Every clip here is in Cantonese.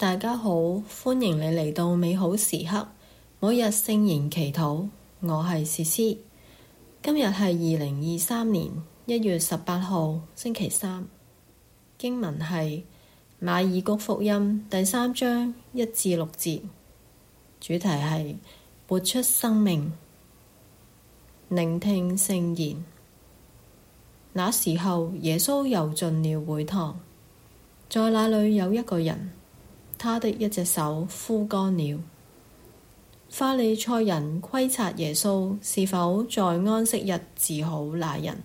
大家好，歡迎你嚟到美好時刻。每日聖言祈禱，我係思思。今日係二零二三年一月十八號星期三。經文係馬爾谷福音第三章一至六節，主題係活出生命，聆聽聖言。那時候，耶穌又進了會堂，在那裏有一個人。他的一隻手枯乾了。法利塞人窺察耶穌是否在安息日治好那人，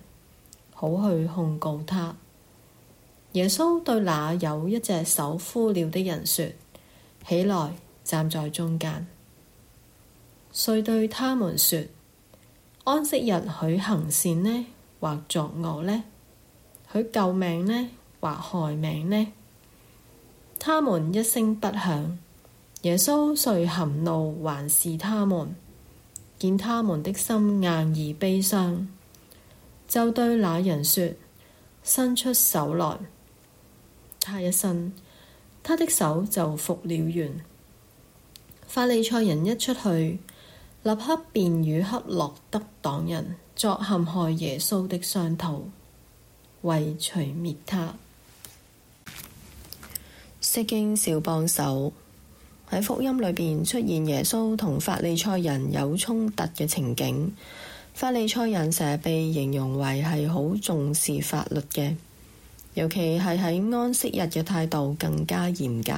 好去控告他。耶穌對那有一隻手枯了的人說：起來，站在中間。遂對他們說：安息日許行善呢，或作惡呢？許救命呢，或害命呢？他們一聲不響，耶穌遂含怒環視他們，見他們的心硬而悲傷，就對那人說：伸出手來。他一伸，他的手就復了原。法利賽人一出去，立刻便與黑落德黨人作陷害耶穌的商討，為除滅他。釋經小幫手喺福音裏邊出現耶穌同法利塞人有衝突嘅情景，法利塞人成日被形容為係好重視法律嘅，尤其係喺安息日嘅態度更加嚴格。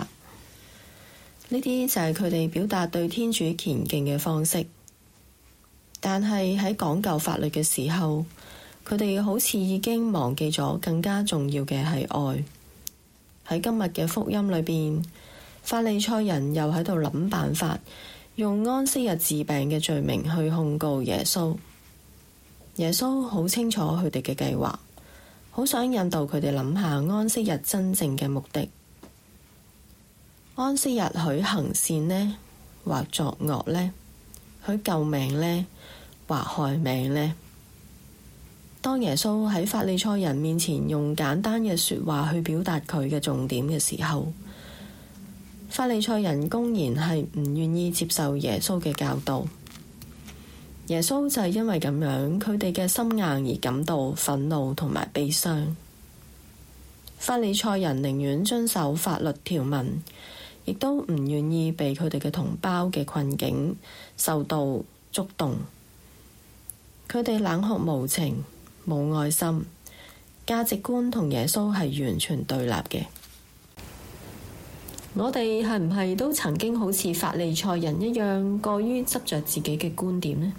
呢啲就係佢哋表達對天主虔敬嘅方式，但係喺講究法律嘅時候，佢哋好似已經忘記咗更加重要嘅係愛。喺今日嘅福音裏邊，法利賽人又喺度諗辦法，用安息日治病嘅罪名去控告耶穌。耶穌好清楚佢哋嘅計劃，好想引導佢哋諗下安息日真正嘅目的。安息日許行善呢，或作惡呢？許救命呢，或害命呢？當耶穌喺法利賽人面前用簡單嘅說話去表達佢嘅重點嘅時候，法利賽人公然係唔願意接受耶穌嘅教導。耶穌就係因為咁樣，佢哋嘅心硬而感到憤怒同埋悲傷。法利賽人寧願遵守法律條文，亦都唔願意被佢哋嘅同胞嘅困境受到觸動。佢哋冷酷無情。冇愛心，價值觀同耶穌係完全對立嘅。我哋係唔係都曾經好似法利賽人一樣，過於執着自己嘅觀點呢？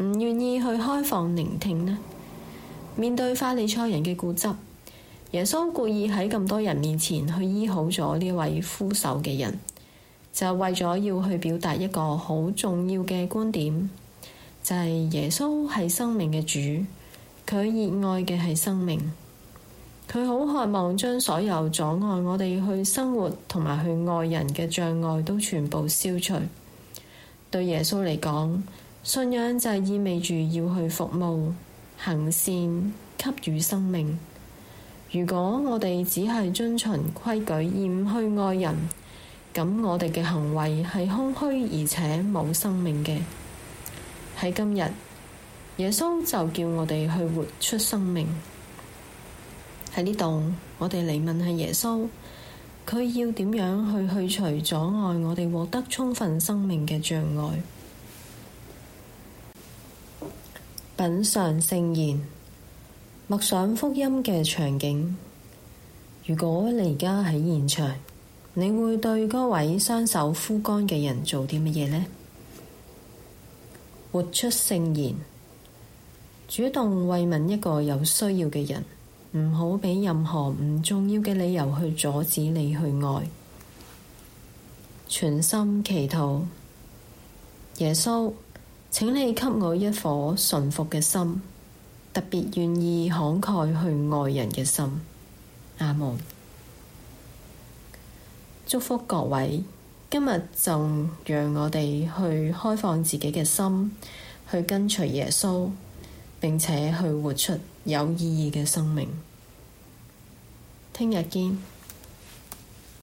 唔願意去開放聆聽呢？面對法利賽人嘅固執，耶穌故意喺咁多人面前去醫好咗呢位枯手嘅人，就係為咗要去表達一個好重要嘅觀點，就係、是、耶穌係生命嘅主。佢熱愛嘅係生命，佢好渴望將所有阻礙我哋去生活同埋去愛人嘅障礙都全部消除。對耶穌嚟講，信仰就係意味住要去服務、行善、給予生命。如果我哋只係遵循規矩而唔去愛人，咁我哋嘅行為係空虛而且冇生命嘅。喺今日，耶穌就叫我哋去活出生命。喺呢度，我哋嚟問下耶穌，佢要點樣去去除阻礙我哋獲得充分生命嘅障礙？品嚐聖言，默想福音嘅場景。如果你而家喺現場，你會對嗰位雙手枯乾嘅人做啲乜嘢呢？活出聖言。主動慰問一個有需要嘅人，唔好畀任何唔重要嘅理由去阻止你去愛。全心祈禱，耶穌，請你給我一顆順服嘅心，特別願意慷慨去愛人嘅心。阿門。祝福各位，今日就讓我哋去開放自己嘅心，去跟隨耶穌，並且去活出有意義嘅生命。聽日見。